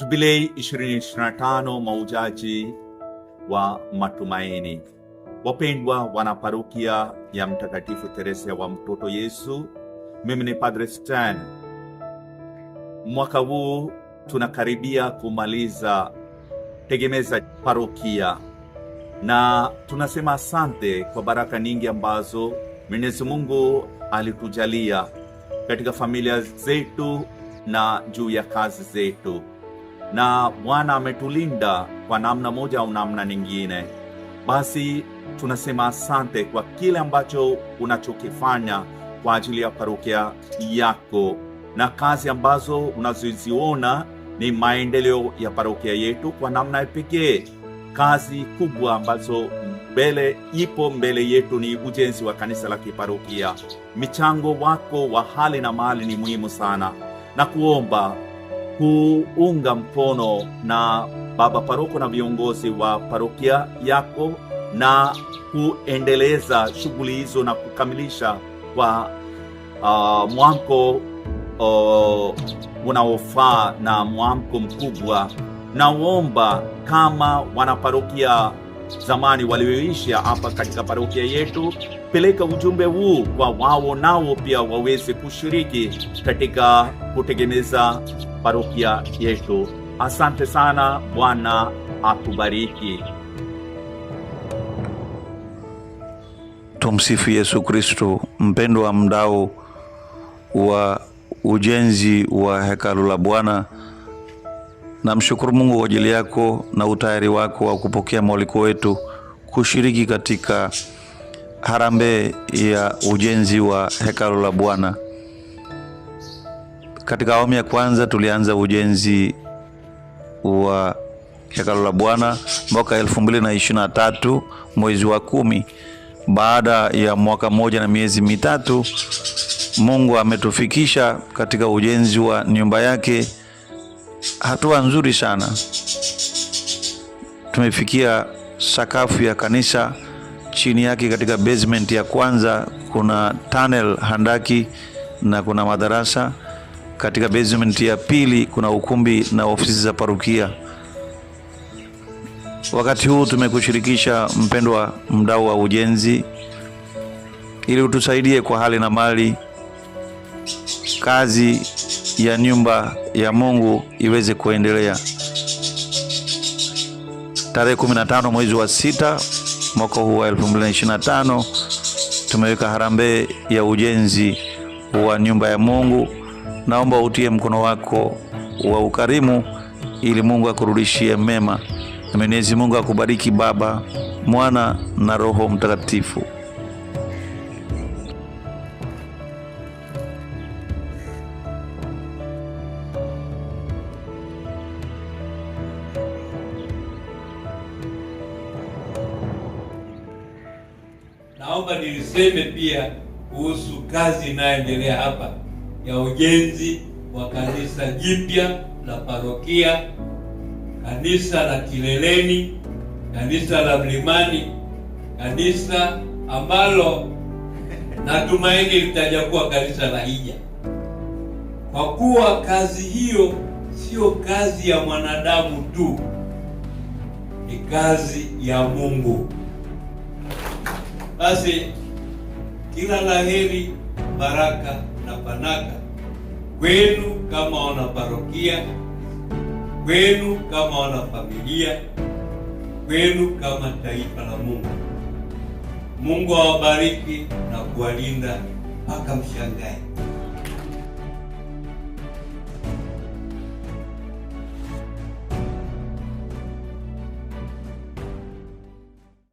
Jubilei 2025 maujaji wa matumaini. Wapendwa wana parokia ya Mtakatifu Teresa wa Mtoto Yesu, mimi ni Padre Stan. Mwaka huu tunakaribia kumaliza tegemeza parokia, na tunasema asante kwa baraka nyingi ambazo Mwenyezi Mungu alitujalia katika familia zetu na juu ya kazi zetu na Bwana ametulinda kwa namna moja au namna nyingine. Basi tunasema asante kwa kile ambacho unachokifanya kwa ajili ya parokia yako na kazi ambazo unazoziona ni maendeleo ya parokia yetu kwa namna ya pekee. Kazi kubwa ambazo mbele ipo mbele yetu ni ujenzi wa kanisa la kiparokia. Michango wako wa hali na mali ni muhimu sana na kuomba kuunga mkono na baba paroko na viongozi wa parokia yako na kuendeleza shughuli hizo na kukamilisha kwa uh, mwamko uh, unaofaa na mwamko mkubwa. Naomba kama wanaparokia zamani walioisha hapa katika parokia yetu. Peleka ujumbe huu kwa wao, nao pia waweze kushiriki katika kutegemeza parokia yetu. Asante sana, Bwana atubariki. Tumsifu Yesu Kristo. Mpendo wa mdau wa ujenzi wa hekalu la Bwana Namshukuru Mungu kwa ajili yako na utayari wako wa kupokea mwaliko wetu kushiriki katika harambee ya ujenzi wa hekalu la Bwana. Katika awamu ya kwanza tulianza ujenzi wa hekalu la Bwana mwaka 2023 mwezi wa kumi. Baada ya mwaka mmoja na miezi mitatu, Mungu ametufikisha katika ujenzi wa nyumba yake hatua nzuri sana tumefikia. Sakafu ya kanisa chini yake katika basement ya kwanza kuna tunnel handaki na kuna madarasa. Katika basement ya pili kuna ukumbi na ofisi za parukia. Wakati huu tumekushirikisha mpendwa mdau wa ujenzi, ili utusaidie kwa hali na mali kazi ya nyumba ya Mungu iweze kuendelea. Tarehe 15 mwezi wa sita mwaka huu wa 2025 tumeweka harambee ya ujenzi wa nyumba ya Mungu. Naomba utie mkono wako wa ukarimu ili Mungu akurudishie mema. Na Mwenyezi Mungu akubariki Baba, Mwana na Roho Mtakatifu. naomba niliseme pia kuhusu kazi inayoendelea hapa ya ujenzi wa kanisa jipya la parokia, kanisa la Kileleni, kanisa la Mlimani, kanisa ambalo natumaini litajakuwa kanisa la hija, kwa kuwa kazi hiyo sio kazi ya mwanadamu tu, ni kazi ya Mungu. Basi kila laheri, baraka na panaka kwenu kama wana parokia, kwenu kama wana familia, kwenu kama taifa la Mungu. Mungu awabariki na kuwalinda mpaka mshangae.